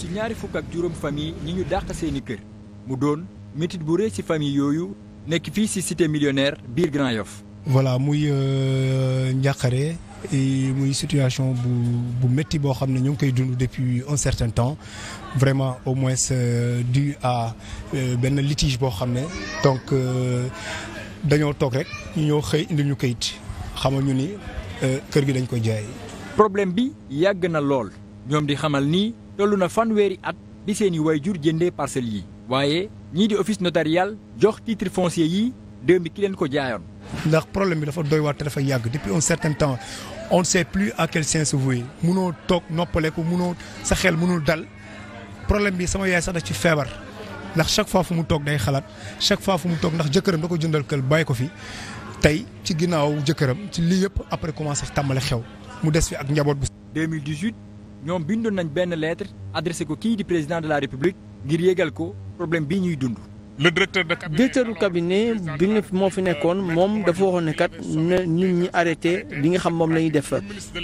ci ñaari fukk ak juróom famille ñi ñu dàq seeni kër mu doon métit bu rëy ci famille yooyu nekk fii ci cité millionnaire biir Grand Yoff voilà muy euh, njàqare muy situation bu bu métti boo xam ne ñoo ngi koy dund depuis un certain temps vraiment au moins euh, dû à euh, benn litige boo xam ne donc dañoo toog rek ñu ñoo xëy indi ñu kayit xamal ñu ni kër gi dañ ko jaay. problème bi yàgg na lool ñoom di xamal ni. tollu na fanweeri at bi seeni wayjur jëndee parcelles yi waaye ñii di office notarial jox titre foncier yi démb ki leen ko jaayoon. ndax problème bi dafa doy waar te dafa yàgg depuis un certain temps on ne sait plus à quel sens se vouer munoo toog ko munoo sa xel munul dal problème bi sama yaay sax da ci feebar. ndax chaque fois fu mu toog day xalaat chaque fois fu mu toog ndax jëkkëram da ko jëndal kër bàyyi ko fi tey ci ginnaaw jëkkëram ci lii yëpp après commencé tàmbale xew mu des ak njaboot bu 2018. ñoom bindoon nañ benn lettre adressé ko kii di président de la république ngir yégal ko problème bii ñuy dund. le directeur de cabinet directeur du bi nga moo fi nekkoon moom dafa waxoon ne kat na nit ñi arrêté li nga xam moom la ñuy def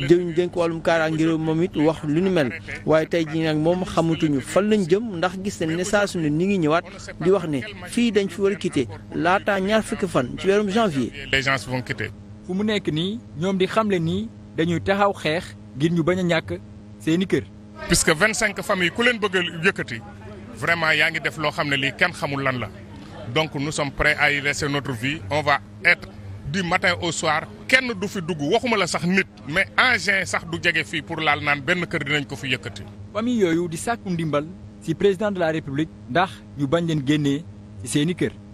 jëriñ dénk wàllum kaaraange réew moom it wax lu ñu mel waaye tey jii nag moom xamatuñu fan lañ jëm ndax gis nañ ne saa su ne ni ngi ñëwaat di wax ne fii dañ fi war a quitté laataa ñaar fukki fan ci weerum janvier. les gens vont quitter. fu mu nekk nii ñoom di xamle nii dañuy taxaw xeex ngir ñu bañ a ñàkk. seeni kër. puisque vingt cinq familles ku leen bëgg a yëkkati vraiment yaa ngi def loo xam ne lii kenn xamul lan la donc nu sommes prêts ay y laisser notre vie on va être du matin au soir kenn du fi dugg waxuma la sax nit mais engin sax du jege fii pour laal naan benn kër dinañ ko fi yëkkati. famille yooyu di sàkku ndimbal ci président de la république ndax ñu bañ leen génnee ci seeni kër.